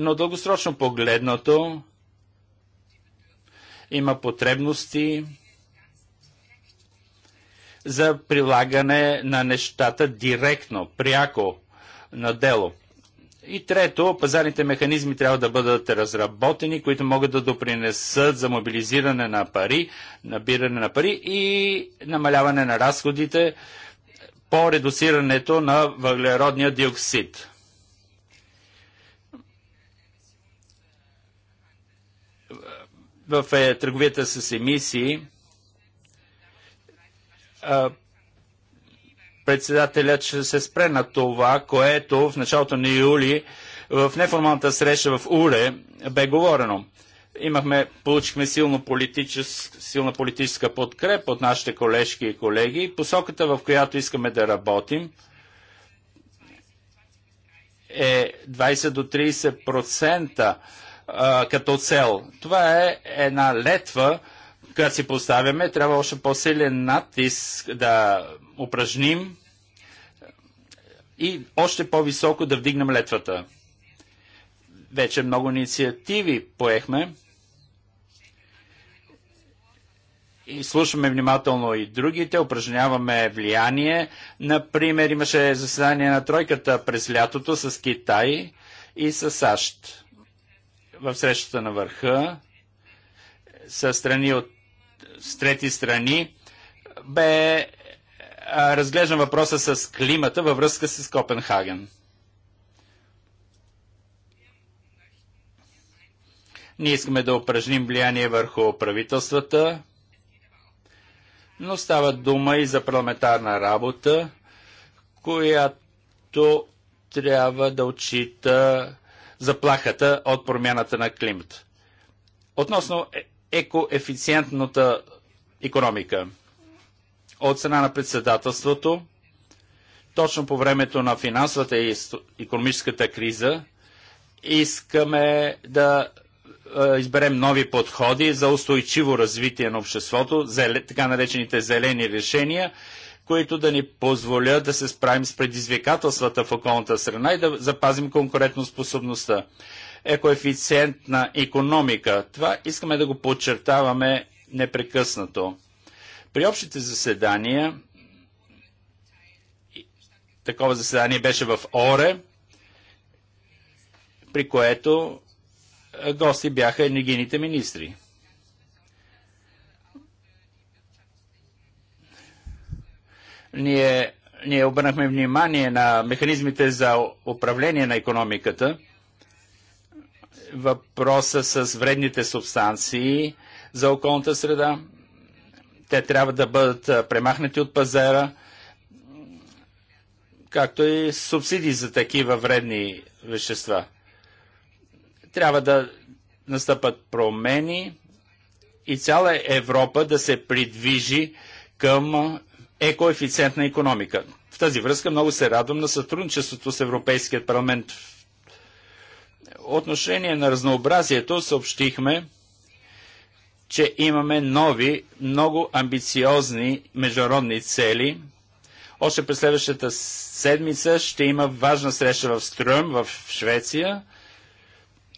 Но дългосрочно погледнато има потребности за прилагане на нещата директно, пряко на дело. И трето, пазарните механизми трябва да бъдат разработени, които могат да допринесат за мобилизиране на пари, набиране на пари и намаляване на разходите по редуцирането на въглеродния диоксид. в е, търговията с емисии. председателят ще се спре на това, което в началото на юли в неформалната среща в УЛЕ бе говорено. Имахме, получихме силно политическ, силна политическа подкреп от нашите колежки и колеги. Посоката, в която искаме да работим, е 20 до 30 а, като цел. Това е една летва, която си поставяме. Трябва още по-силен натиск да упражним и още по-високо да вдигнем летвата. Вече много инициативи поехме. И слушаме внимателно и другите, упражняваме влияние. Например, имаше заседание на тройката през лятото с Китай и с САЩ в срещата на върха с страни от с трети страни бе разглеждан въпроса с климата във връзка с Копенхаген. Ние искаме да упражним влияние върху правителствата, но става дума и за парламентарна работа, която трябва да отчита заплахата от промяната на климат. Относно е- екоефициентната економика. От страна на председателството, точно по времето на финансовата и економическата криза, искаме да е, изберем нови подходи за устойчиво развитие на обществото, така наречените зелени решения които да ни позволят да се справим с предизвикателствата в околната страна и да запазим конкурентоспособността. Екоефициентна економика. Това искаме да го подчертаваме непрекъснато. При общите заседания, такова заседание беше в Оре, при което гости бяха енергийните министри. Ние, ние обърнахме внимание на механизмите за управление на економиката, въпроса с вредните субстанции за околната среда. Те трябва да бъдат премахнати от пазара, както и субсидии за такива вредни вещества. Трябва да настъпат промени и цяла Европа да се придвижи към екоефициентна економика. В тази връзка много се радвам на сътрудничеството с Европейският парламент. Отношение на разнообразието съобщихме, че имаме нови, много амбициозни международни цели. Още през следващата седмица ще има важна среща в Стръм в Швеция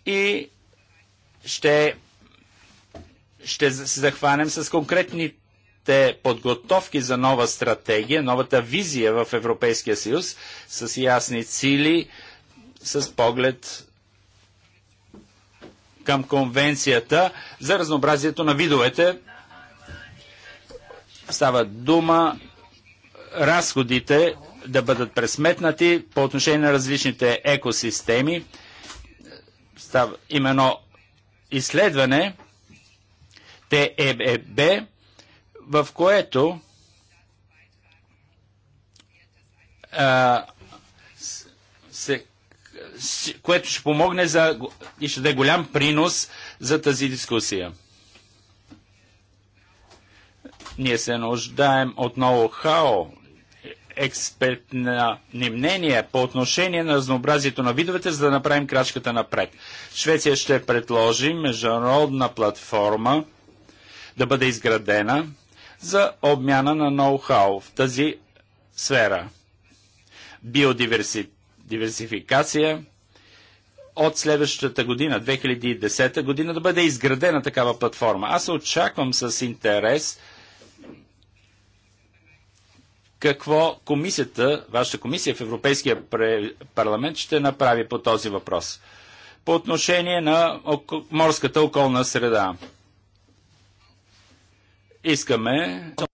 и ще, ще се захванем с конкретни те подготовки за нова стратегия, новата визия в Европейския съюз с ясни цили, с поглед към конвенцията за разнообразието на видовете. Става дума разходите да бъдат пресметнати по отношение на различните екосистеми. Става именно изследване ТЕБ в което а, се, с, което ще помогне за, и ще даде голям принос за тази дискусия. Ние се нуждаем от хао хау експертни мнения по отношение на разнообразието на видовете, за да направим крачката напред. Швеция ще предложи международна платформа да бъде изградена – за обмяна на ноу-хау в тази сфера. Биодиверсификация от следващата година, 2010 година, да бъде изградена такава платформа. Аз очаквам с интерес какво комисията, вашата комисия в Европейския парламент ще направи по този въпрос. По отношение на морската околна среда. Искаме